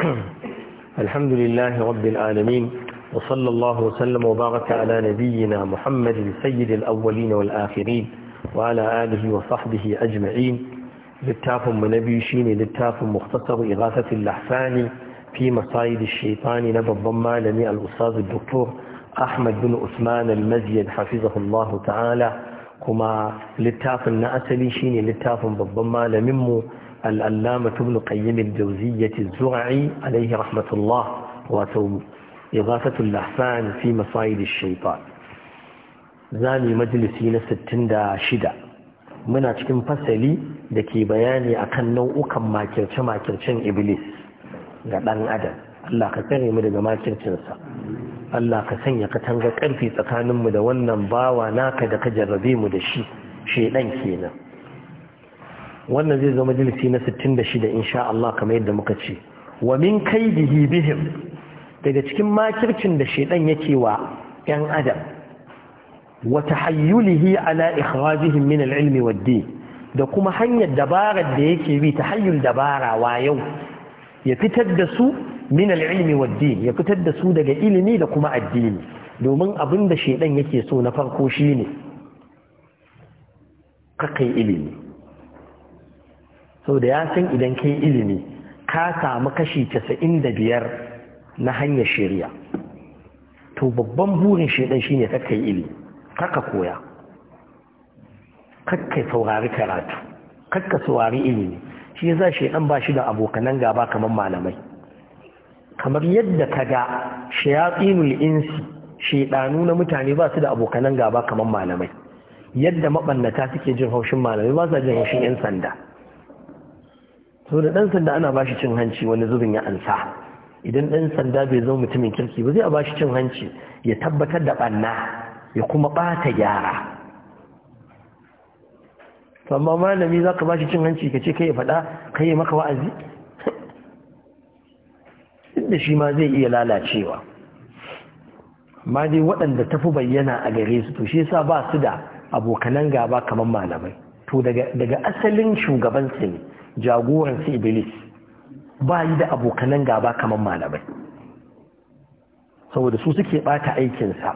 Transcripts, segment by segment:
الحمد لله رب العالمين وصلى الله وسلم وبارك على نبينا محمد سيد الأولين والآخرين وعلى آله وصحبه أجمعين من منبي شين لتاف مختصر إغاثة اللحفان في مصايد الشيطان نبضم لمي الأستاذ الدكتور أحمد بن عثمان المزيد حفظه الله تعالى كما للتاف النأسلي شين لتاف بالضم لممو الألامة ابن قيم الجوزية alaihi rahmatullah wato الله وتوب إغاثة الأحسان في مصايد الشيطان زاني مجلسين ستين دا شدة muna cikin fasali da ke bayani akan nau'ukan makirce-makircen iblis ga ɗan adam Allah ka tsare mu daga makircinsa Allah ka sanya katanga ƙarfi tsakaninmu da wannan bawa naka da ka jarrabe mu da shi shedan kenan wannan zai zama majalisi na 66 insha Allah kamar yadda muka ce wa min kaidihi bihim daga cikin makircin da shedan yake wa yan adam wa tahayyulihi ala ikhrajihim min al-ilm wad-din da kuma hanyar dabarar da yake bi tahayyul dabara wa yau ya fitar da su min al-ilm wad-din ya fitar da su daga ilimi da kuma addini domin abin da shedan yake so na farko shine kakai ilimi saboda ya san idan kai ilimi ka samu kashi casa'in da biyar na hanyar shari'a to babban burin shaidan shine kakka yi ilimi kakka koya kakka saurari karatu kakka saurari ilimi shi yasa shaidan ba shi da abokanan gaba kamar malamai kamar yadda ka ga shayatsinul insi shaidanu na mutane ba su da abokanan gaba kamar malamai yadda mabannata suke jin haushin malamai ba su jin haushin yan sanda so da ɗan sanda ana ba shi cin hanci wani zubin ya ansa idan ɗan sanda bai zo mutumin kirki ba zai a ba shi cin hanci ya tabbatar da ɓanna ya kuma ɓata gyara amma malami za ka ba shi cin hanci ka ce kai ya faɗa kai ya maka wa'azi inda shi ma zai iya lalacewa ma dai waɗanda tafi bayyana a gare su to shi yasa ba su da abokanan gaba kamar malamai to daga asalin shugaban ne jagoran su iblis ba yi da abokanan gaba kamar malamai saboda su suke bata aikinsa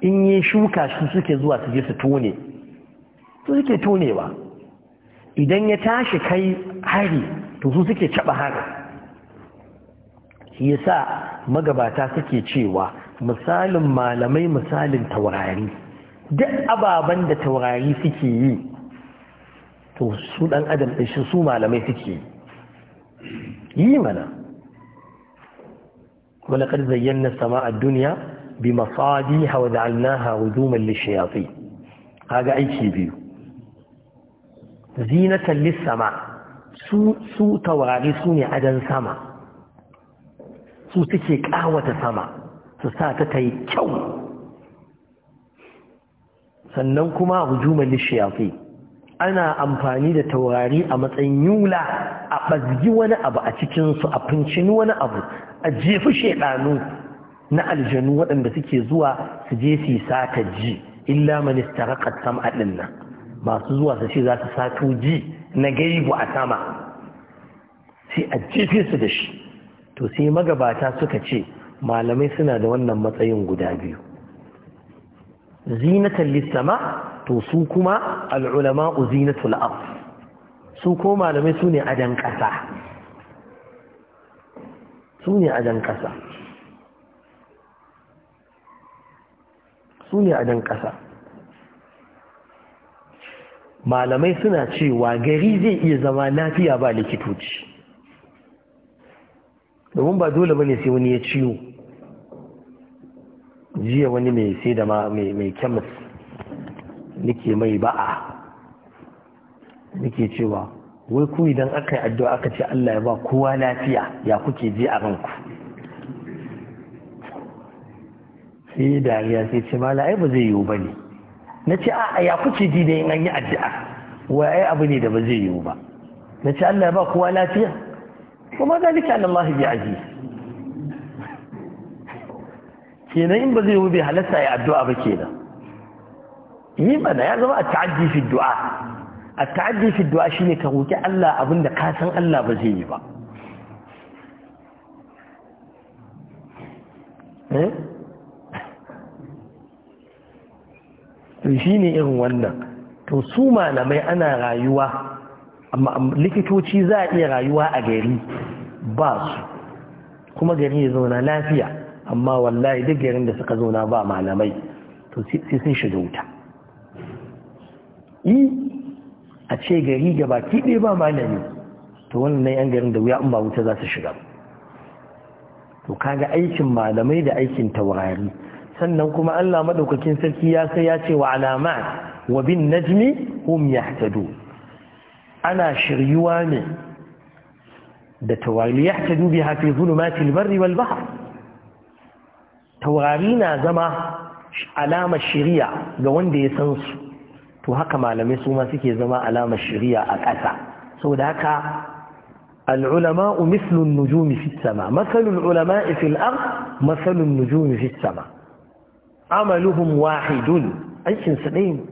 in yi shuka su suke zuwa su je su tone su suke tonewa idan ya tashi kai hari to su suke caɓa hari shi yasa magabata suke cewa misalin malamai misalin taurari duk ababen da taurari suke yi to su dan adam ɗin shi malamai suke yi mana wala qad zayyana samaa ad-dunya bi masabiha wa ja'alnaha wuduman lish-shayatin kaga aiki biyu zinatan lis-samaa su su taurari su ne adan sama su suke kawata sama su sa ta tai kyau sannan kuma hujuman lish-shayatin ana amfani da taurari a matsayin yula a ɓazgi wani abu a cikinsu a fincini wani abu a jefi shaidanu na aljanu waɗanda suke zuwa su je su yi sata ji illa minista a ɗin nan masu zuwa su ce za su sato ji na gaibu a sama sai a jefe su da shi to sai magabata suka ce malamai suna da wannan matsayin guda biyu zinatan lissama to su kuma al'ulama zinatul ard su ko malamai su ne adan ƙasa ƙasa malamai suna cewa gari zai iya zama lafiya ba likitoci domin ba dole ne sai wani ya ciwo jiya wani mai sai da mai kemis nike mai ba'a nike cewa wai ku idan aka yi addu'a aka ce Allah ya ba kowa lafiya ya kuke ji a ranku sai dariya sai ce mala ai ba zai yiwu ba ne na ce a ya kuke ji da yin an yi addu'a wai abu ne da ba zai yiwu ba na ce Allah ya ba kowa lafiya kuma zalika Allah bi aji. kenan in ba zai yi bai halatta ya addu'a ba kenan yi mana ya zama a ta'addi fi du'a a ta'addi fi du'a shine ka roki Allah abinda ka san Allah ba zai yi ba eh? to shine irin wannan to su malamai ana rayuwa amma likitoci za a iya rayuwa a gari ba su kuma gari ya zauna lafiya amma wallahi duk garin da suka zo na ba malamai to sai sun shiga wuta yi a ce gari baki ɗaya ba malami to wannan yan garin da wuya in ba wuta za su shiga to kaga aikin malamai da aikin taurari sannan kuma Allah madaukakin sarki ya sai ya ce wa alama wa bin najmi hum yahtadu ana shiryuwa ne da Tawali yahtadu biha fi zulumatil barri wal bahr taurari na zama alamar shiriya ga wanda ya san su to haka malamai su ma suke zama alamar shiriya a ƙasa Sau da haka العلماء مثل Nujumi في السماء مثل العلماء في الأرض مثل النجوم في السماء عملهم واحد أيكن سنين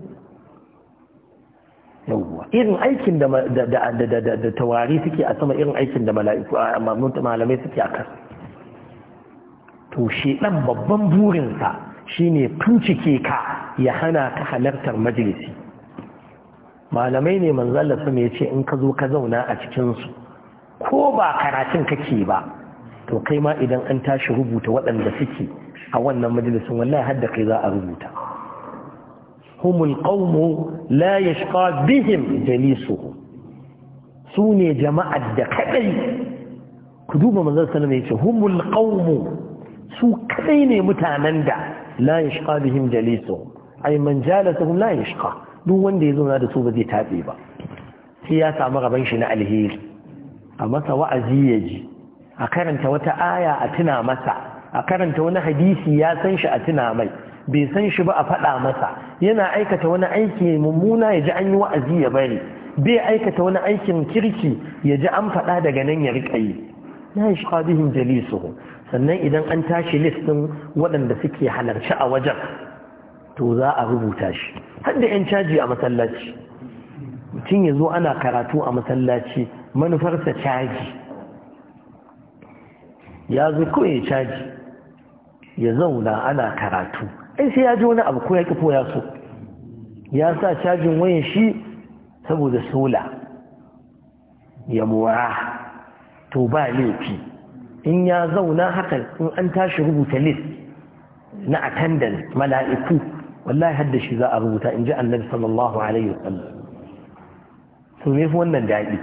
yawwa irin aikin da taurari suke a sama irin aikin da malamai suke a ƙasa. to shi ɗan babban burinsa shine tuncike ka ya hana ka halartar majalisi malamai ne manzalla su ya ce in ka zo ka zauna a cikinsu ko ba karatun kake ba to kai ma idan an tashi rubuta waɗanda suke a wannan majlisin wallahi hadda kai za a rubuta humul qawmu la yashqa bihim jalisuhu su ne jama'ar da kadai ku duba manzon sallallahu alaihi wasallam yace humul qawmu su kai ne mutanen da la yashqa bihim jalisuhum ay man jalasahum la yashqa duk wanda ya zauna da su ba zai tabe ba sai ya samu rabon shi na alheri a masa wa'azi ya ji a karanta wata aya a tuna masa a karanta wani hadisi ya san shi a tuna mai bai san shi ba a faɗa masa yana aikata wani aiki mummuna ya ji an yi wa'azi ya bari bai aikata wani aikin kirki ya ji an faɗa daga nan ya riƙa yi na yi shi bihim sannan idan an tashi listin waɗanda suke halarci a wajen to za a rubuta shi Hadda 'yan caji a masallaci mutum ya zo ana karatu a masallaci manufarsa caji ya zo kawai caji ya zauna ana karatu ai sai ya ji wani abu ko ya kifo ya so ya sa cajin wayan shi saboda sola ya mora to ba laifi in ya zauna haka in an tashi rubuta list na attendance mala'iku wallahi hadda shi za a rubuta in ji annabi sallallahu alaihi wasallam to me wannan daɗi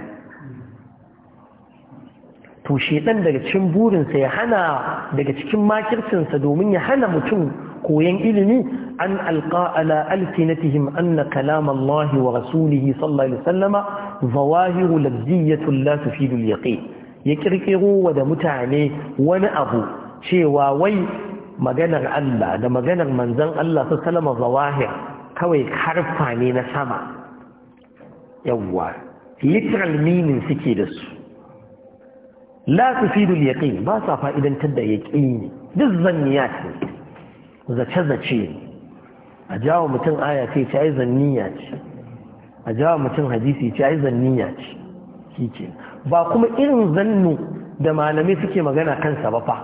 to shedan daga cikin burinsa ya hana daga cikin makircinsa domin ya hana mutum koyan ilimi an alqa ala alfinatihim anna kalam Allah wa rasulihi sallallahu alaihi wasallama zawahiru lafziyatun la tufidu al-yaqin ya kirkiro wa da mutane wani abu cewa wai maganar Allah da maganar manzan Allah su salama zawahir kawai karfa ne na sama yawwa literal meaning suke da su la tufidu ya yaqin ba sa fa'idantar da ne duk ya ce zace zace a jawo mutum aya ce ta ya ce a jawo mutum hadisi ta ya ce shi ba kuma irin zannu da malamai suke magana kansa ba fa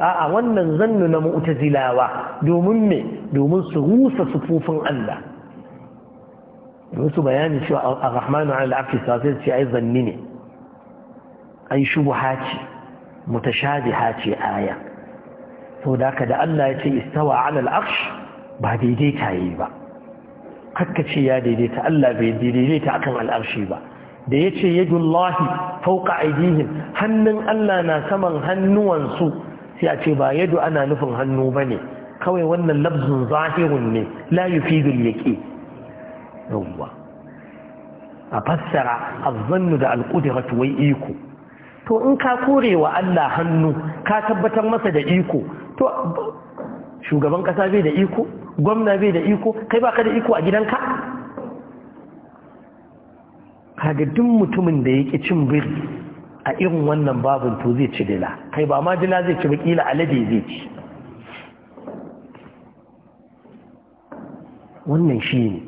a'a wannan zannu na mu'tazilawa domin me domin su rusa sufufin Allah domin su bayani cewa ar-rahmanu 'ala al-'arshi sai ce ai zanni ne ai shubha ce mutashabiha ce aya sau da ka da Allah ya ce istawa 'ala al-'arsh ba daidaita yi ba hakka ce ya daidaita Allah bai daidaita akan al-'arshi ba da ya ce yadullahi fauka aidihim hannun Allah na saman hannuwansu sai a ce ba yadu ana nufin hannu ba ne kawai wannan labzin zahirun ne la ya ke. yauwa a fassara azannu da alqudratu wai iko to in ka kore wa Allah hannu ka tabbatar masa da iko to shugaban kasa bai da iko gwamna bai da iko kai baka da iko a gidanka kaga duk mutumin da yake cin bir a irin wannan babin to zai ci dila kai ba ma dila zai ci ba kila alade zai ci wannan shi ne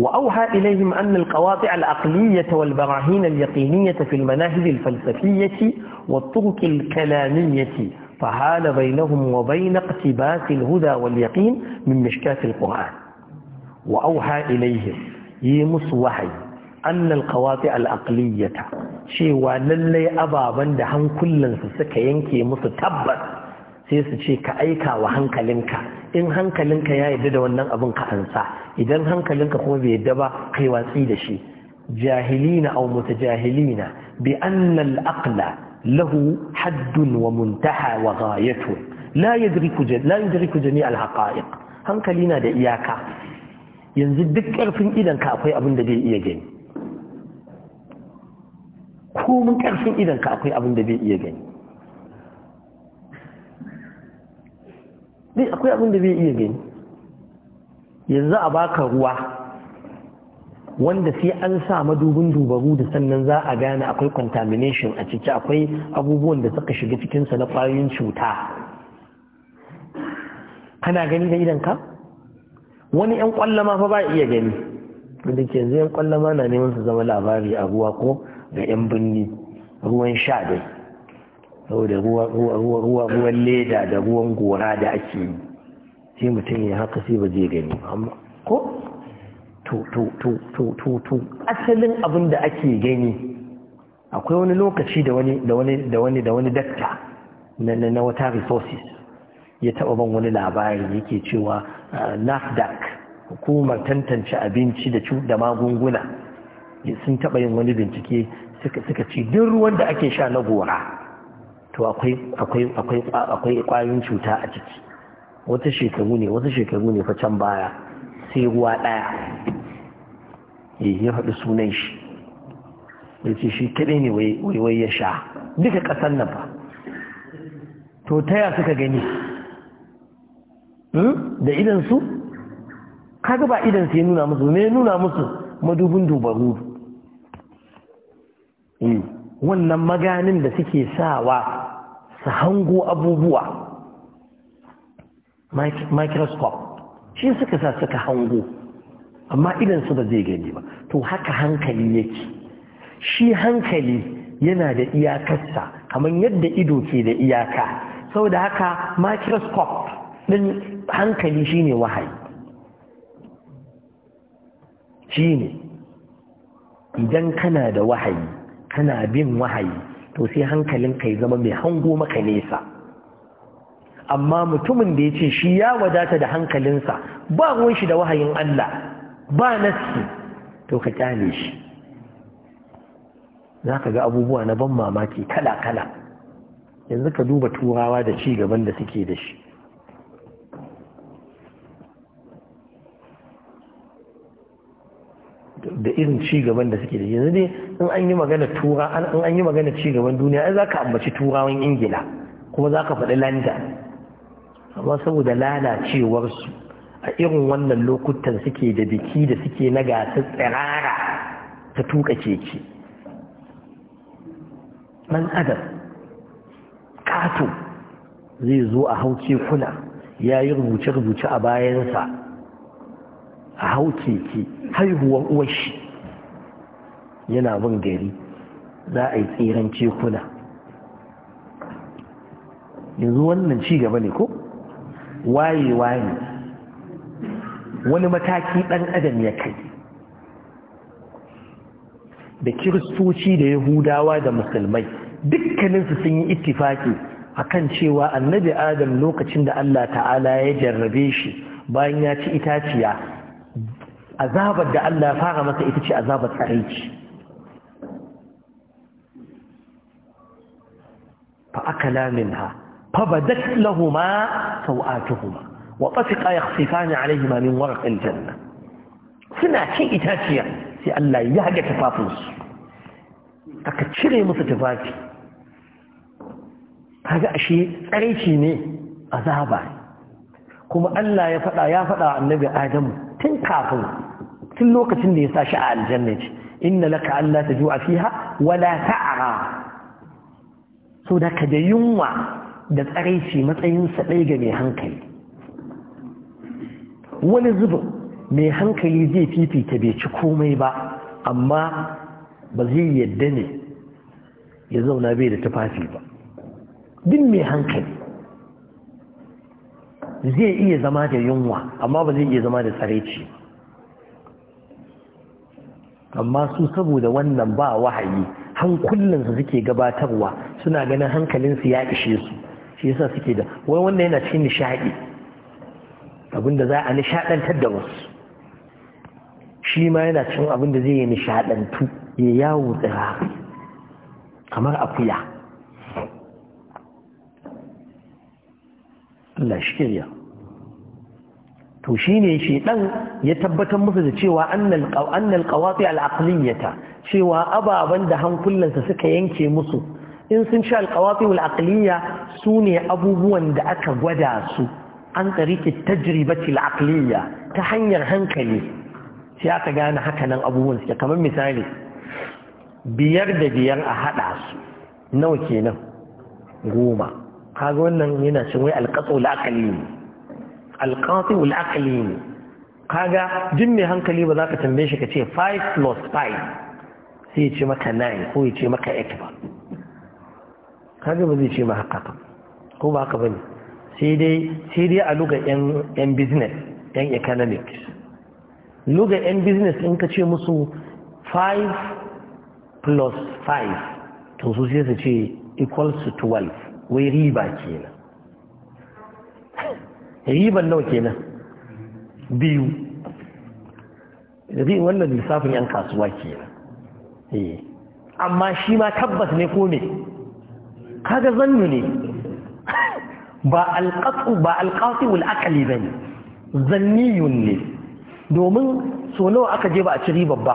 وأوحى إليهم أن القواطع العقلية والبراهين اليقينية في المناهج الفلسفية والطرق الكلامية فحال بينهم وبين اقتباس الهدى واليقين من مشكاة القرآن وأوحى إليهم يمس وحي annal kawafi al cewa lallai ababen da hankulansu suka yanke musu tabbas sai su ce ka aika wa hankalinka in hankalinka ya yarda da wannan abin ka ansa idan hankalinka kuma bai yadda ba kai watsi da shi jahilina aw jahilina, bi annal aqla lahu haddun wa muntaha wa gayatu, la yadriku la yadriku jami' al haqa'iq hankalina da iyaka yanzu duk karfin idan ka akwai abin da zai iya gani komin ƙarfin idanka akwai abin da bai iya gani akwai abin da bai iya gani yanzu a baka ruwa wanda sai an sa madubin dubaru da sannan za a gane akwai contamination a ciki akwai abubuwan da suka shiga cikinsa na ƙwayoyin cuta kana gani da idanka wani 'yan kwallama fa ba iya gani da ke yanzu 'yan kwallama na neman su zama labari a ruwa ko da 'yan birni ruwan sha dai saboda ruwan leda da ruwan gora da ake yi sai mutum ya haka sai ba zai gani amma ko to asalin abin da ake gani akwai wani lokaci da wani da wani dakta na wata resources ya taba ban wani labari yake cewa uh, nasdaq hukumar tantance abinci da magunguna sun taɓa yin wani bincike suka ci duk ruwan da ake sha na gora to akwai ƙwayoyin cuta a ciki wata shekaru ne wata shekaru ne fa can baya sai ruwa ɗaya eh, ya faɗi sunan shi ya ce shi kaɗai ne wai ya sha duka ƙasar nan ba to taya suka gani hmm? da su kaga ba su ya nuna musu ne nuna musu madubin dubaru Mm. wannan maganin da suke sawa su hango abubuwa microscope shi suka sa suka hango amma su ba zai gani ba to haka hankali yake shi hankali yana da iyakarsa kamar yadda ido ke da iyaka saboda haka microscope ɗin hankali shine wahayi shine idan kana da wahayi kana bin wahayi to sai hankalin kai zama mai hango maka nesa amma mutumin da ya ce shi ya wadata da hankalinsa ba ruwan shi da wahayin Allah ba nassi to ka kyale shi za ka ga abubuwa na ban mamaki kala-kala yanzu ka duba turawa da ci gaban da suke da shi da irin cigaban da suke da yanzu ne in an yi magana tura in an yi magana cigaban duniya ai zaka ambaci turawan ingila kuma zaka faɗi landa amma saboda lalacewar su a irin wannan lokutan suke da biki da suke na gasar tsirara ta tuka keke ɗan adam kato zai zo a hau kekuna yayi rubuce-rubuce a bayansa a hau keke haihuwar uwashi yana bin gari za a yi tseren cekuna yanzu wannan ci gaba ne ko wayewa ne wani mataki ɗan adam ya kai da kiristoci da yahudawa da musulmai dukkaninsu sun yi ittifaki akan cewa annabi adam lokacin da Allah ta'ala ya jarrabe shi bayan ya ci itaciya azabar da Allah ya fara masa ita ce azabar tsaraici fa akala ha, fa badat lahuma sawatuhuma wa tafiqa yakhsifani alayhima min warar aljanna suna cin itaciya sai Allah ya haga tufafinsu aka cire musu tufafi Haga ashe tsaraici ne azaba kuma Allah ya faɗa ya faɗa annabi Adamu tun kafin tun lokacin da ya sa shi a aljanna ce inna laka Allah ta ju'a fiha wala ta'ara so da ka da yunwa da tsaraici matsayin sa ɗaya ga mai hankali wani zubin mai hankali zai fifita bai ci komai ba amma ba zai yadda ne ya zauna bai da tufafi ba duk mai hankali zai iya zama da yunwa amma ba zai iya zama da tsaraici ba amma su saboda wannan ba wahayi hankulinsu suke gabatarwa suna ganin hankalin su ya ishe su shi yasa suke da wai wannan yana cikin nishaɗi abinda za a nishadantar da wasu shi ma yana cikin abinda zai yi nishadantu ya yawo tsira kamar akuya Allah shi to shine shi ɗan ya tabbatar musu da cewa annal annal qawati cewa ababan da hankulansa suka yanke musu in sun sha al qawati al aqliya sune abubuwan da aka gwada su an tariki tajribati al ta hanyar hankali sai aka gane hakanan abubuwan suke kamar misali biyar da biyar a haɗa su nawa kenan goma kaga wannan yana cin wai al qasul alƙafi ul'akali ne kaga duk mai hankali ba za ka tambaye shi ka ce 5 plus 5 sai ya ce maka 9 ko ya ce maka 8 ba kaga ba zai ce ma haka ba ko ba haka ba ne sai dai a luga 'yan business 'yan economics luga 'yan business in ka ce musu 5 plus 5 to su sai su ce equals to 12 wai riba kenan riban nawa kenan biyu wannan lissafin yan kasuwa kenan eh. amma shi ma tabbas ne ko ne kaga zannu ne ba alqatu ba alƙatu al'akali zanniyun ne domin so nawa aka je ba a ci ribar ba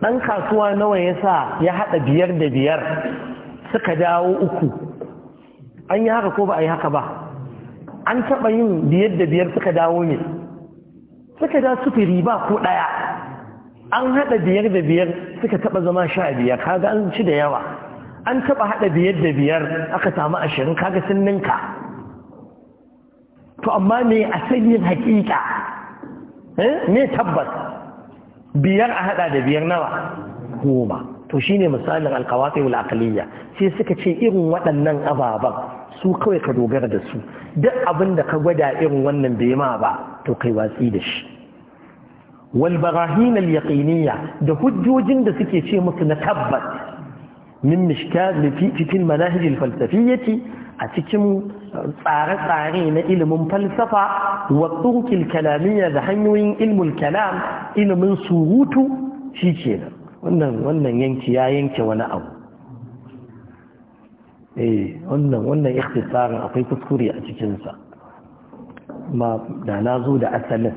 ɗan kasuwa nawa ya sa ya haɗa biyar da biyar suka dawo uku an yi haka ko ba a yi haka ba an taɓa yin biyar da biyar suka dawo ne suka da sufuri ba ko ɗaya an haɗa biyar da biyar suka taɓa zama sha biyar kaga an ci da yawa an taɓa haɗa biyar da biyar aka samu ashirin kaga sun ninka to amma me sanyin hakika eh? me tabbas biyar a haɗa da biyar nawa goma to shine misalin alkawafi wal aqliya sai suka ce irin waɗannan ababen su kawai ka dogara da su duk abin da ka gwada irin wannan bai ma ba to kai watsi da shi wal al da hujjojin da suke ce musu na tabbas min mishkat fi manahij al falsafiyyati a cikin tsare-tsare na ilimin falsafa wa turkil kalamiyya da hanyoyin ilmul kalam ilimin surutu shi kenan wannan wannan yanki ya yanke wani abu eh wannan wannan ikhtisarin akwai kuskure a cikinsa ma da na zo da asalin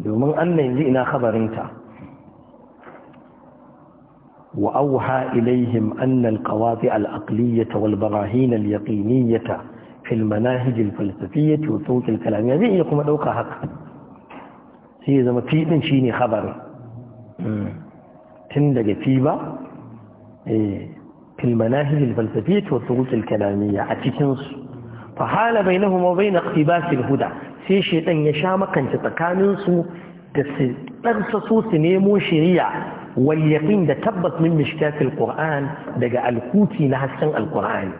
domin an yanzu ina khabarinta wa auha ilaihim anna alqawati alaqliyata wal barahin alyaqiniyata fi almanahij alfalsafiyyah wa turuq alkalam ya zai kuma dauka haka sai ya zama fi din shine khabarin hmm. tun daga fi ba eh fil manahij al falsafiyyah wa turuq al a cikin su fa hala bainahuma wa bain iqtibas al huda sai shaytan ya sha makanta tsakanin su da su darsa su su nemo shari'a wal yaqin da tabbas min mishkat al qur'an daga al kuti na hasken al qur'an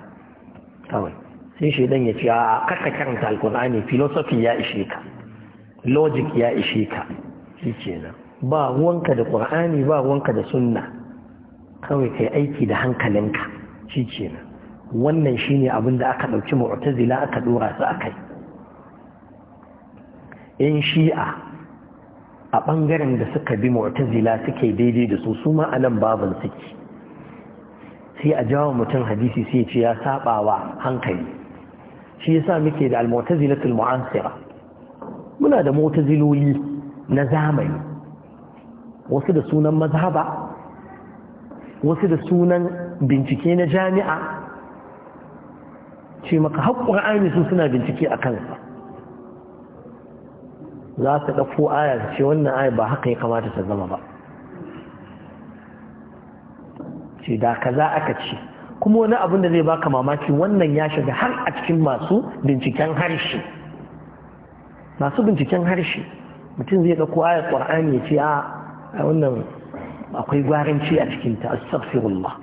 kawai sai shaytan ya ce a kaka karanta al qur'ani philosophy ya ishe ka logic ya ishe ka shi ba ruwanka da Ƙur'ani ba ruwanka da sunna kawai kai aiki da hankalinka shi ce wannan shi ne abin da aka ɗauki mu'tazila aka ɗora su a kai in shi'a a ɓangaren da suka bi mu'tazila suke daidai da su su ma a nan babin suke sai a jawo mutum hadisi sai ce ya saɓawa hankali shi yasa muke da al-mu'tazilatul mu'ansira muna da mu'taziloli na zamani wasu da sunan mazhaba wasu da sunan bincike na jami'a ce maka haƙƙun aini su suna bincike a kansa za su ɗafo aya ce wannan aya ba haka ya kamata ta zama ba ce da za aka ce kuma wani abin da zai baka mamaki wannan ya shiga har a cikin masu binciken harshe masu binciken harshe mutum zai ɗauko ayar ƙwar'ani ya ce a ah, wannan akwai gwarin ci a cikinta astaghfirullah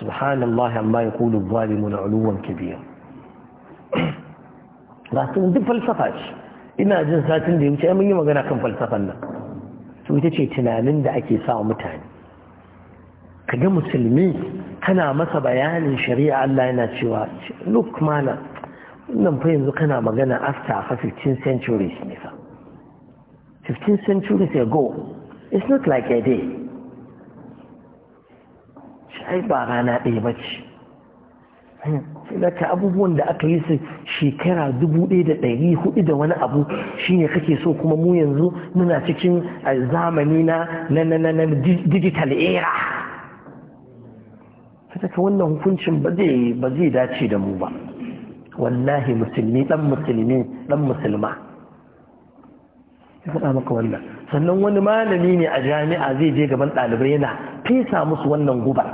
subhanallah amma yaqulu adh-dhalimuna 'uluwan kabira ba sun duk falsafa ce ina jin satin da ya wuce mun yi magana kan falsafan nan to ita ce tunanin da ake sa mutane ka ga musulmi kana masa bayanin shari'a Allah yana cewa look mana wannan fa yanzu kana magana after 15 centuries ne fa 15 centuries ago it's not like a day shi ai ba rana ɗaya ba ce ka abubuwan da aka yi su shekara dubu ɗaya da ɗari hudu da wani abu shine kake so kuma mu yanzu muna cikin zamani na na na na digital era ka wannan hukuncin ba zai ba zai dace da mu ba wallahi musulmi dan musulmi dan musulma ya faɗa maka wannan sannan wani malami ne a jami'a zai je gaban ɗalibai yana fesa musu wannan guba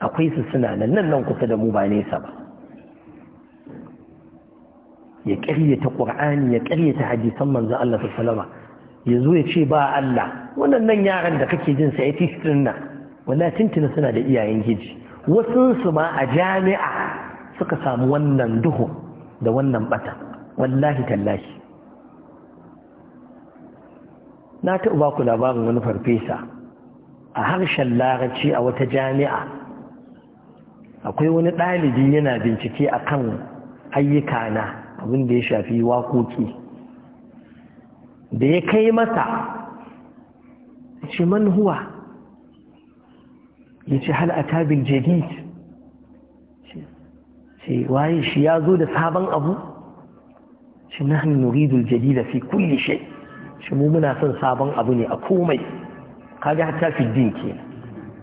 akwai su suna nan nan nan kusa da mu ba nesa ba ya ƙaryata ƙur'ani ya ƙaryata hadisan manzon Allah salama, ya zo ya ce ba Allah waɗannan yaran da kake jin sai ti din nan wallahi tintina suna da iyayen giji wasu su ma a jami'a suka samu wannan duhu da wannan bata wallahi tallahi na taɓa ba ku labarin wani farfesa a harshen larabci a wata jami'a akwai wani ɗalibi yana bincike a kan ayyuka na abin da ya shafi waƙoƙi da ya kai masa ce man huwa ya ce a tabin jadid ce waye shi ya zo da sabon abu shi nahnu nuridul jadida fi kulli shi. shi mu muna son sabon abu ne a komai kaga hatta fi din ke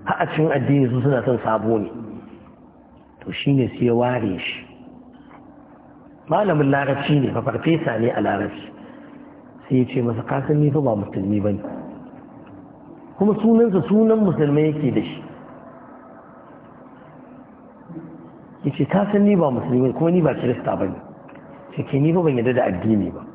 ha a cikin addini su suna son sabo ne to shine sai ya ware shi malamin larabci ne fa farfesa ne a larabci sai ya ce masa kasan ni fa ba musulmi bane kuma sunansa sunan musulmai yake da shi yace ka san ni ba musulmi kuma ni ba kirista bane ce ke ni ba ban yarda da addini ba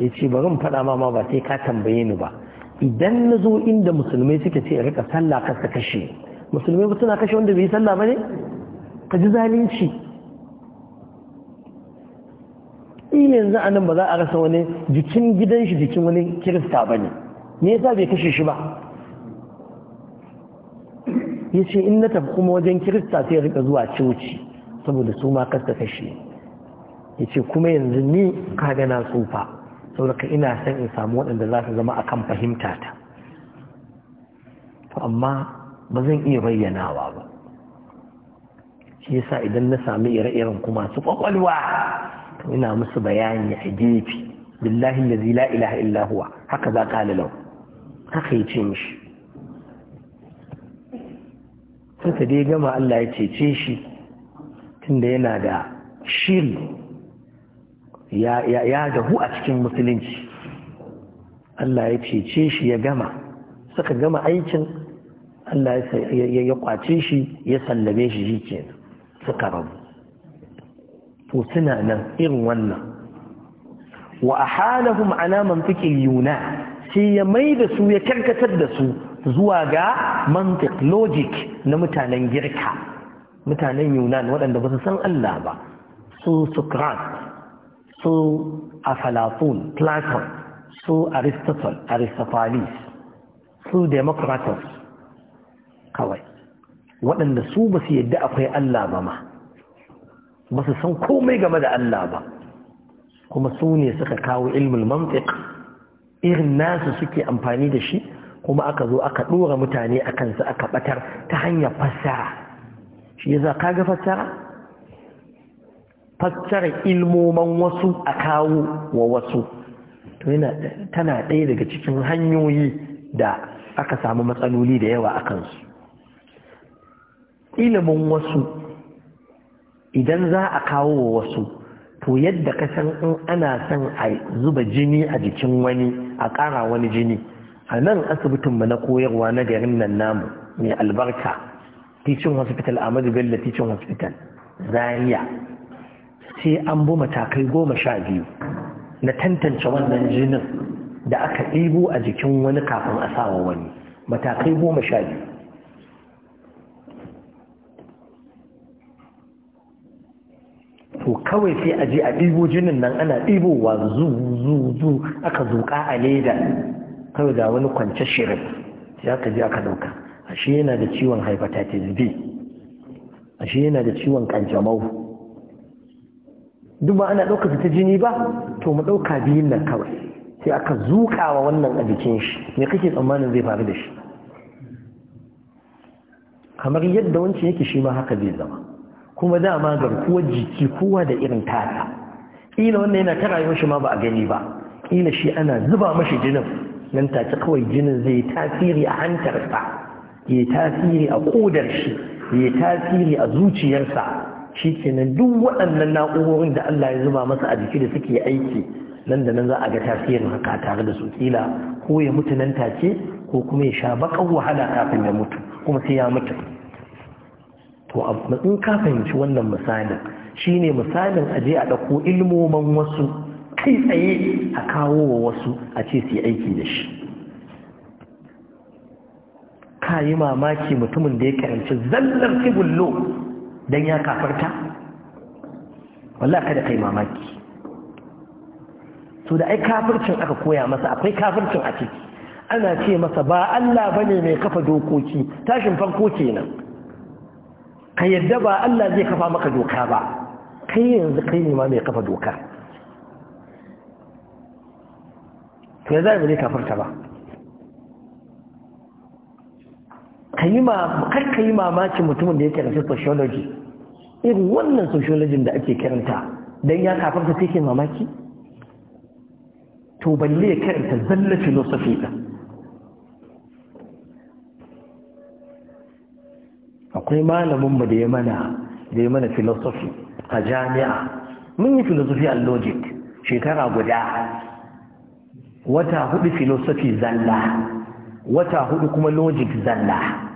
ya ce bari in faɗa ma ba sai ka tambaye ni ba idan na zo inda musulmai suke ce rika sallah kar ka kashe musulmai ba suna kashe wanda bai yi sallah ba ne ka ji zalunci ina yanzu a nan ba za a rasa wani jikin gidan shi jikin wani kirista ba ne me yasa bai kashe shi ba ya ce in na tafi kuma wajen kirista sai rika zuwa coci saboda su ma kasta kashe ya ce kuma yanzu ni ka gana tsufa saboda ina son in samu waɗanda za su zama akan fahimta ta to amma ba zan iya bayyanawa ba shi yasa idan na sami ire-iren kuma su kwakwalwa to ina musu bayani a gefe billahi lazi la ilaha illa huwa haka za ka lalau haka ya ce mishi sai dai gama Allah ya cece shi tunda yana da shiri ya gahu a cikin musulunci Allah ya cece shi ya gama suka gama aikin Allah ya kwace shi ya sallame shi shi ke suka rabu to suna nan irin wannan wa a ahalahum ala mantiqil yuna sai ya mai da su ya karkatar da su zuwa ga mantik logic na mutanen girka mutanen yunan waɗanda ba su san Allah ba su sukrat su aflatun platon su aristotle aristophanes su democratus kawai waɗanda su ba su yadda akwai allah ba ma ba su san komai game da allah ba kuma su ne suka kawo ilmul mantiq irin nasu suke amfani da shi kuma aka zo aka ɗora mutane a kansu aka ɓatar ta hanyar fassara shi ya za ka ga fassara fassara ilmoman wasu a kawo wa wasu to yana tana ɗaya daga cikin hanyoyi da aka samu matsaloli da yawa a kansu ilimin wasu idan za a kawo wa wasu to yadda ka san in ana son a zuba jini a jikin wani a ƙara wani jini a nan asibitinmu na koyarwa na garin nan namu mai albarka teaching hospital ahmadu bello teaching hospital zaria sai an bi matakai goma sha biyu na tantance wannan jinin da aka ɗibo a jikin wani kafin a sawa wani matakai goma sha biyu to kawai sai a je a ɗibo jinin nan ana ɗibowa zu aka zuƙa a leda kawai da wani kwance shirin sai aka je aka ɗauka ashe yana da ciwon hepatitis b ashe yana da ciwon kanjamau duk ba ana ɗauka fita jini ba to mu ɗauka biyun nan kawai sai aka zuƙawa wannan a jikin shi me kake tsammanin zai faru da shi kamar yadda wancan yake shi ma haka zai zama kuma dama garkuwar jiki kowa da irin tata ƙila wannan yana ta rayuwar shi ma ba a gani ba ƙila shi ana zuba mashi jinin nan take kawai jinin zai yi tasiri a hantarsa ya yi tasiri a ƙodar shi ya yi tasiri a zuciyarsa shi kenan duk waɗannan na'urorin da Allah ya zuba masa a jiki da suke aiki nan da nan za a ga tasirin haka tare da su kila ko ya mutu nan take ko kuma ya sha baƙar wahala kafin ya mutu kuma sai ya mutu to in ka fahimci wannan misalin shine misalin a je a ɗauko ilmoman wasu kai tsaye a kawo wa wasu a ce su yi aiki da shi ka yi mamaki mutumin da ya karanci zallar kibullo don ya kafarta wallah kada kai mamaki to da ai kafircin aka koya masa akwai kafircin a ciki ana ce masa ba Allah bane mai kafa dokoki tashin farko kenan ka yadda ba Allah zai kafa maka doka ba kai yanzu kai ne ma mai kafa doka to ya zai ne kafarta ba ka yi mamaki kar ka yi mamakin mutumin da yake da sociology irin wannan sociologin da ake karanta don ya kafarta sai mamaki to balle ya karanta zalla filosofi ɗin akwai malaminmu da ya mana da ya mana filosofi a jami'a mun yi filosofi a logic shekara guda wata hudu filosofi zalla wata hudu kuma logic zalla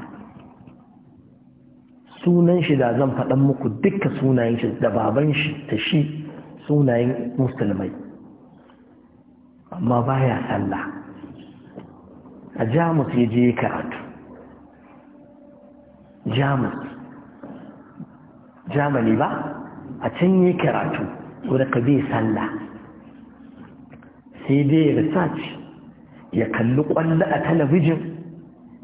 sunan shi da zan faɗan muku duka sunayen shi da baban shi da shi sunayen musulmai amma baya sallah a jamus ya je karatu jamus jamani ba a can yi karatu wadda ka bai sallah sai dai ya research ya kalli kwallo a talabijin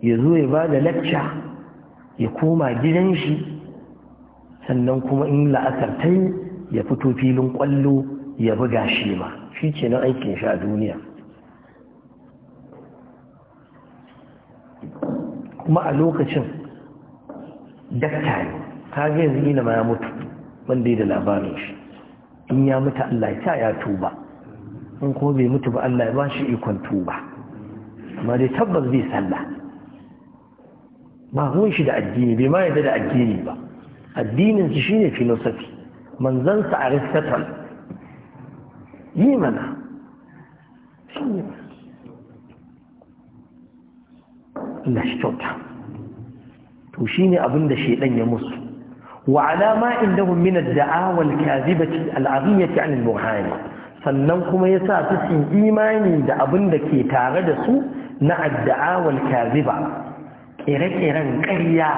ya zo ya ba da lecture ya koma gidan shi sannan kuma in la'asar ta yi ya fito filin kwallo ya buga shi ma shi ke nan aikin shi a duniya kuma a lokacin dakta ne ta yanzu ina ma ya mutu wanda da labarin shi in ya mutu Allah ya ya tuba in kuma bai mutu ba Allah ya ba shi ikon tuba amma dai tabbas zai sallah ba ruwan shi da addini bai ma yadda da addini ba addinin shi shine philosophy manzansa aristotle yi mana Allah shi kyauta to shine abin da shedan ya musu wa alama indahum min ad-da'awa al-kadhibati al-'adhiyati 'an al-burhan sannan kuma yasa su imani da abin da ke tare da su na ad-da'awa al-kadhiba kere-keren ƙarya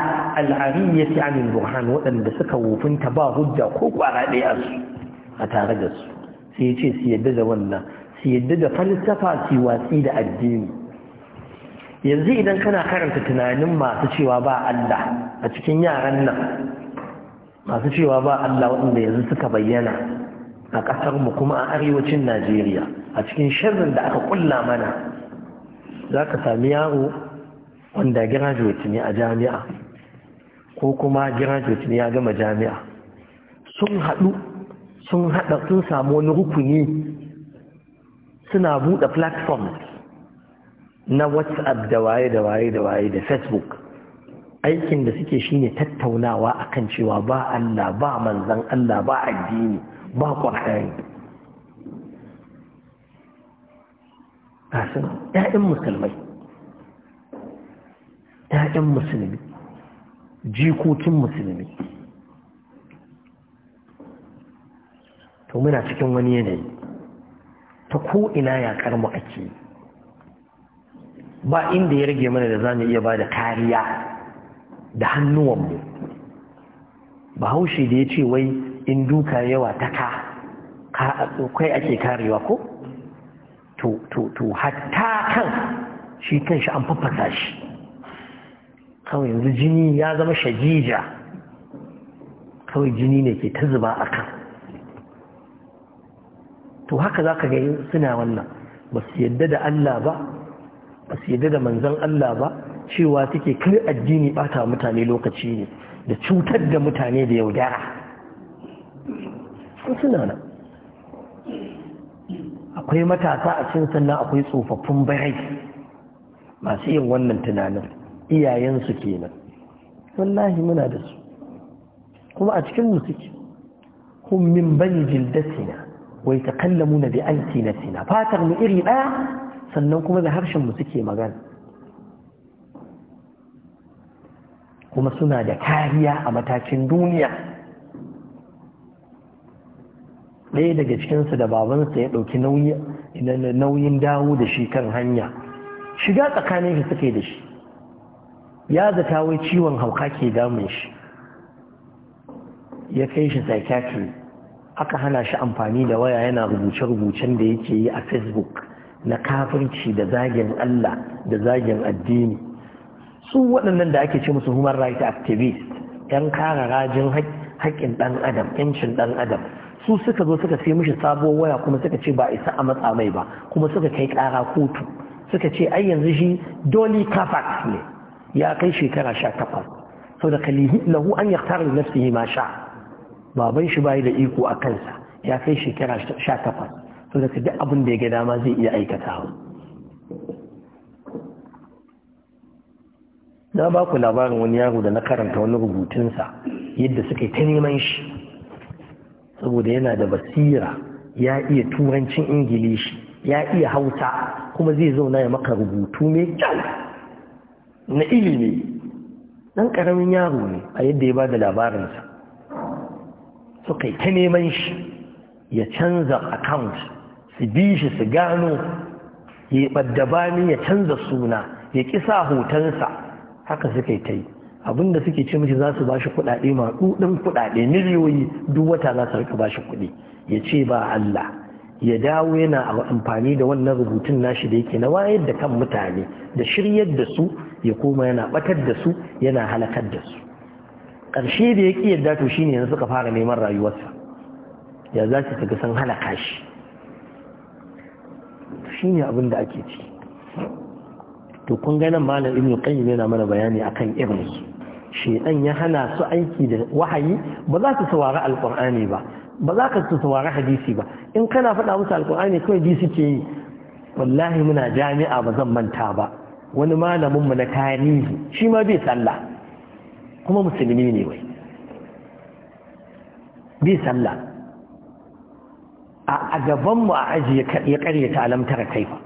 fi amin burhan waɗanda suka wofinta ba hujja ko kwara ɗaya su a tare da su sai ya ce su yadda da wannan su yadda da falsafa su watsi da addini yanzu idan kana karanta tunanin masu cewa ba Allah a cikin yaran nan masu cewa ba Allah waɗanda yanzu suka bayyana a ƙasar mu kuma a arewacin Najeriya a cikin shirin da aka kulla mana za ka sami yaro wanda graduate ne a jami'a ko kuma graduate ne ya gama jami'a sun haɗu sun haɗa sun samu wani rukuni suna buɗe platform na whatsapp da waye da waye da waye da facebook aikin da suke shine tattaunawa akan cewa ba Allah ba manzan Allah ba addini ba ƙwararri kasin ‘ya'yan musulmai ‘ya'yan musulmi jikokin musulmi to muna cikin wani yanayi ta ko'ina ya yaƙarmu ake ba inda ya rage mana da za mu iya ba da kariya da hannuwanmu bahaushe da ya ce wai in duka yawa ta ka kai ake karewa ko to to hatta kan shi kan shi an faffasa shi kawai yanzu jini ya zama shajija kawai jini ne ke ta zuba a kan to haka za ka gani suna wannan ba su yadda da Allah ba ba su yadda da manzan Allah ba cewa take kai addini bata wa mutane lokaci ne da cutar da mutane da yaudara suna nan akwai matasa a cin sannan akwai tsofaffin barai masu yin wannan tunanin iyayensu kenan wallahi muna da su kuma a cikin suke hum min bani jildatina wai ta takallamuna bi tina fatar mu iri ɗaya. sannan kuma da harshen mu suke magana kuma suna da kariya a matakin duniya ɗaya daga cikinsu da babansa ya ɗauki nauyin dawo da shi kan hanya shiga tsakanin shi suke da shi ya zata wai ciwon hauka ke damun shi ya kai shi psychiatry aka hana shi amfani da waya yana rubuce-rubucen da yake yi a facebook na kafirci da zagin Allah da zagin addini su waɗannan da ake ce musu human rights activist yan kara rajin haƙƙin ɗan adam yancin ɗan adam su suka zo suka sai mishi sabuwar waya kuma suka ce ba isa a matsa mai ba kuma suka kai ƙara kotu suka ce ai yanzu shi doli kafak ne ya kai shekara sha takwas sau da lahu an ya tara da nafsihi ma sha baban shi bayi da iko a kansa ya kai shekara sha takwas sau da duk abin da ya ga dama zai iya aikatawa na ba ku labarin wani yaro da na karanta wani rubutunsa yadda suka yi ta neman shi saboda yana da basira ya iya turancin ingilishi ya iya hausa kuma zai zauna ya maka rubutu mai kyau na ilimi ɗan karamin yaro ne a yadda ya ba da labarinsa suka yi ta neman shi ya canza account su bi shi su gano ya ne ya canza suna ya sa hotonsa haka suka yi ta yi abinda suke ce mishi za su ba shi kuɗaɗe ma ɗuɗin kuɗaɗe miliyoyi duk wata za su rika ba shi kuɗi ya ce ba Allah ya dawo yana amfani da wannan rubutun nashi da yake na wayar da kan mutane da shiryar da su ya koma yana batar da su yana halakar da su ƙarshe da ya ƙi yadda to shine yanzu suka fara neman rayuwarsa ya za su ga sun halaka shi shine abin da ake ci to kun ganin malar ilmi ibnu qayyim yana mana bayani akan irin su shedan ya hana su aiki da wahayi ba za su saurari alqur'ani ba ba za su saurari hadisi ba in kana faɗa musu alqur'ani kawai bi suke yi wallahi muna jami'a ba zan manta ba wani malamin mu na tarihi shi ma bai sallah kuma musulmi ne wai bai sallah a gaban mu a aji ya karyata alamtara kaifa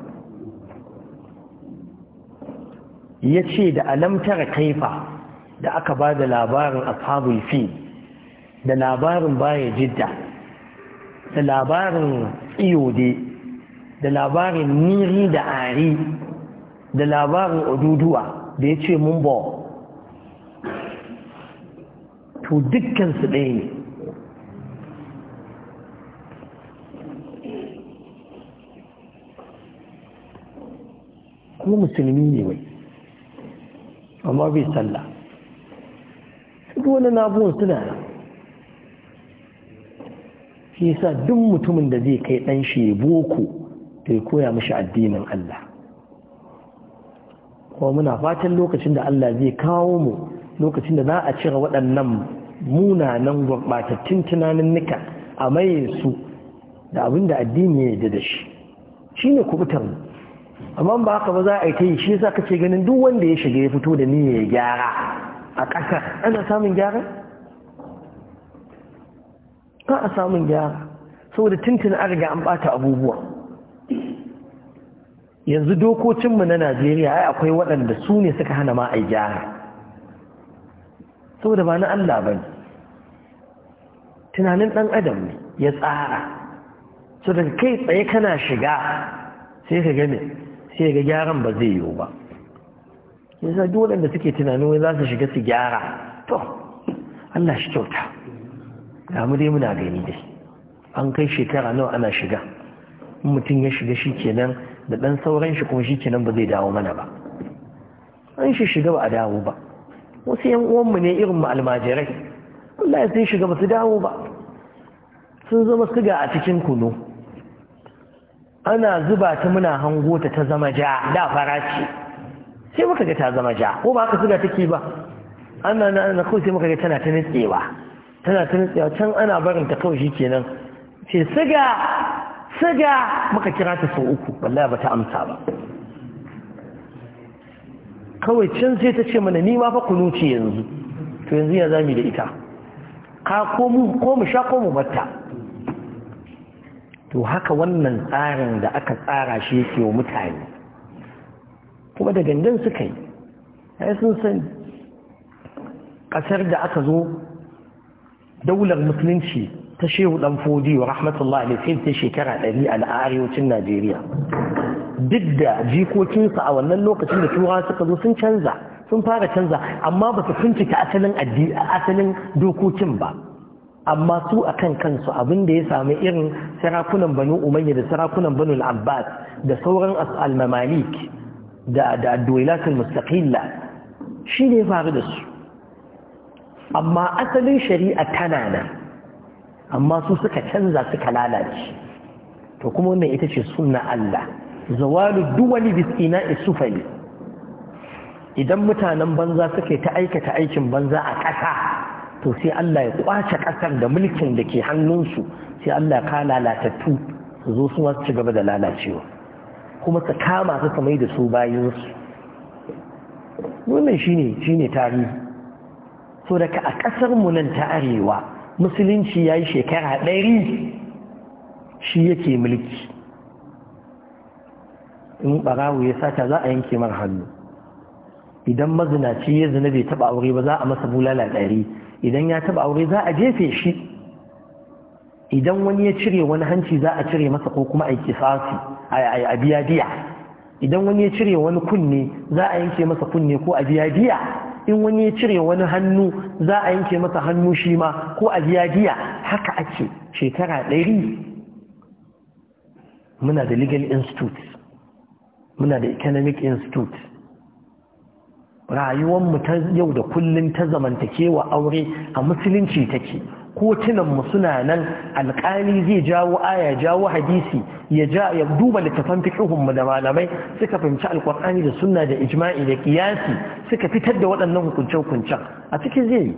ya ce da alamtara kaifa da aka ba da labarin ashabul fi da labarin baya jidda da labarin iyode da labarin niri da ari da labarin ududuwa da ya ce mun ba to dukkansu ɗaya ne kuma musulmi ne mai amma bai salla duk wani nabuwan suna nan shi yasa duk mutumin da zai kai ɗan shi boko ya koya mashi addinin Allah kuma muna fatan lokacin da Allah zai kawo mu lokacin da za a cire waɗannan munanan gurɓatattun tunanin nika a maye su da abin da addini ya yi da shi shi ne kubutar mu amma ba haka ba za a yi ta yi shi yasa kace ganin duk wanda ya shiga ya fito da ni ya gyara a ƙasa ana samun gyara ba a samun gyara saboda tuntun an riga an ɓata abubuwa yanzu dokocinmu na najeriya ai akwai waɗanda su ne suka hana ma a gyara saboda ba na allah ba tunanin ɗan adam ne ya tsara su daga kai tsaye kana shiga sai ka gane sai ga gyaran ba zai yiwu ba ya sa duk waɗanda suke tunanin wai za su shiga su gyara to allah shi kyauta ga mu dai muna gani dai an kai shekara nawa ana shiga mutum ya shiga shi kenan da ɗan sauran shi kuma shi kenan ba zai dawo mana ba an shi shiga ba a dawo ba wasu yan uwanmu ne irin mu almajirai Allah ya sai shiga ba su dawo ba sun zama siga a cikin kunu ana zuba ta muna hango ta ta zama ja da faraci sai muka ga ta zama ja ko ba haka siga take ba ana na na kawai sai muka ga tana ta nutsewa tana ta nutsewa can ana barin ta kawai shikenan ce suga. siga muka kira ta sau uku wallahi ba ta amsa ba kawai can sai ta ce mana nima fa kunu ce yanzu to yanzu ya zami da ita ka ko mu sha ko mu batta to haka wannan tsarin da aka tsara shi yake wa mutane kuma da gangan suka yi ai sun san kasar da aka zo daular musulunci ta shehu dan fodi wa rahmatullahi alaihi sai ta shekara ɗari a arewacin Najeriya duk da jikokinsa a wannan lokacin da turawa suka zo sun canza sun fara canza amma ba su fincika asalin asalin dokokin ba amma su akan kansu abin da ya sami irin sarakunan banu umayya da sarakunan banu al-abbas da sauran al-mamalik da da duwilatul mustaqilla shine faru da su amma asalin shari'a tana nan amma su suka canza suka lalace to kuma wannan ita ce sunna Allah zawalu duwani bisina isufali idan mutanen banza suke ta aikata aikin banza a ƙasa to sai Allah ya kwace ƙasar da mulkin da ke hannunsu sai Allah ka tu su zo su ci gaba da lalacewa kuma su kama su samai da su bayansu wannan shine shine tarihi so daga a ƙasar mu nan ta arewa musulunci ya yi shekara ɗari shi yake mulki in ɓarawo ya sata za a yanke mar hannu idan mazinaci ya zina bai taɓa aure ba za a masa bulala ɗari idan ya taɓa aure za a jefe shi idan wani ya cire wani hanci za a cire masa ko kuma aiki sasi a biya biya idan wani ya cire wani kunne za a yanke masa kunne ko a biya biya in wani ya cire wani hannu za a yanke masa hannu shi ma ko a biya haka ake shekara ɗari muna da legal institute muna da economic institute mu ta yau da kullum ta zamantakewa aure a musulunci take kotunanmu suna nan alƙali zai jawo aya jawo hadisi ya duba littafan da malamai suka fahimci alƙur'ani da sunna da ijma'i da qiyasi suka fitar da waɗannan hukunce hukuncen a cikin zai yi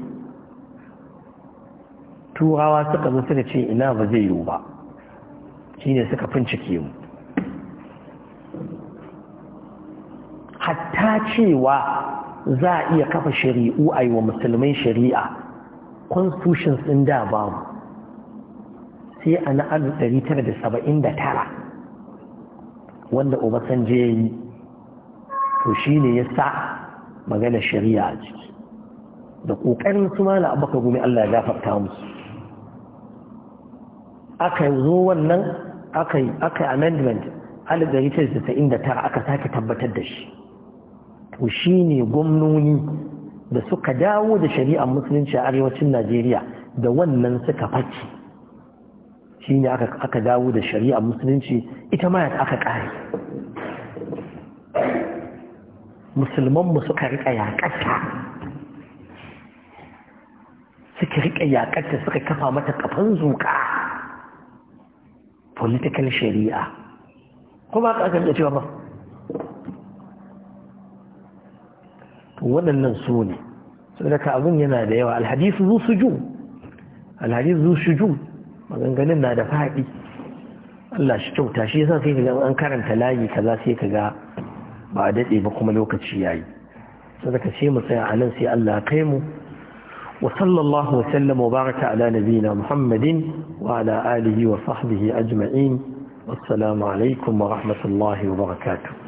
turawa suka zo suka ce ina ba zai yiwu ba ne suka fincike mu hatta cewa za a iya kafa shari'u a yi wa musulmai shari'a constitutions ɗin da babu sai a na 1979 wanda obasanjo ya yi to shi ne ya sa magana shari'a a ciki da ƙoƙarin su na abaka gumi Allah ya gafarta musu aka zo wannan aka yi amendment 1999 aka sake tabbatar da shi to shi ne gwamnoni da suka dawo da shari'ar musulunci a arewacin najeriya da wannan suka faci shi ne aka dawo da shari'ar musulunci ita ma aka kare musulmanmu suka riƙa yaƙarta suka riƙa yaƙarta suka kafa mata kafan zuƙa political shari'a kuma aka iya cewa ba waɗannan su ne saboda abin yana da yawa alhadisu zu suju alhadisu zu suju maganganun na da faɗi Allah shi kyauta shi yasa sai kaga an karanta layi kaza sai kaga ba a daɗe ba kuma lokaci yayi sadaka sai mu tsaya anan sai Allah kai mu wa sallallahu wa sallama wa baraka ala nabiyyina Muhammadin wa ala alihi wa sahbihi ajma'in wassalamu alaikum wa rahmatullahi wa barakatuh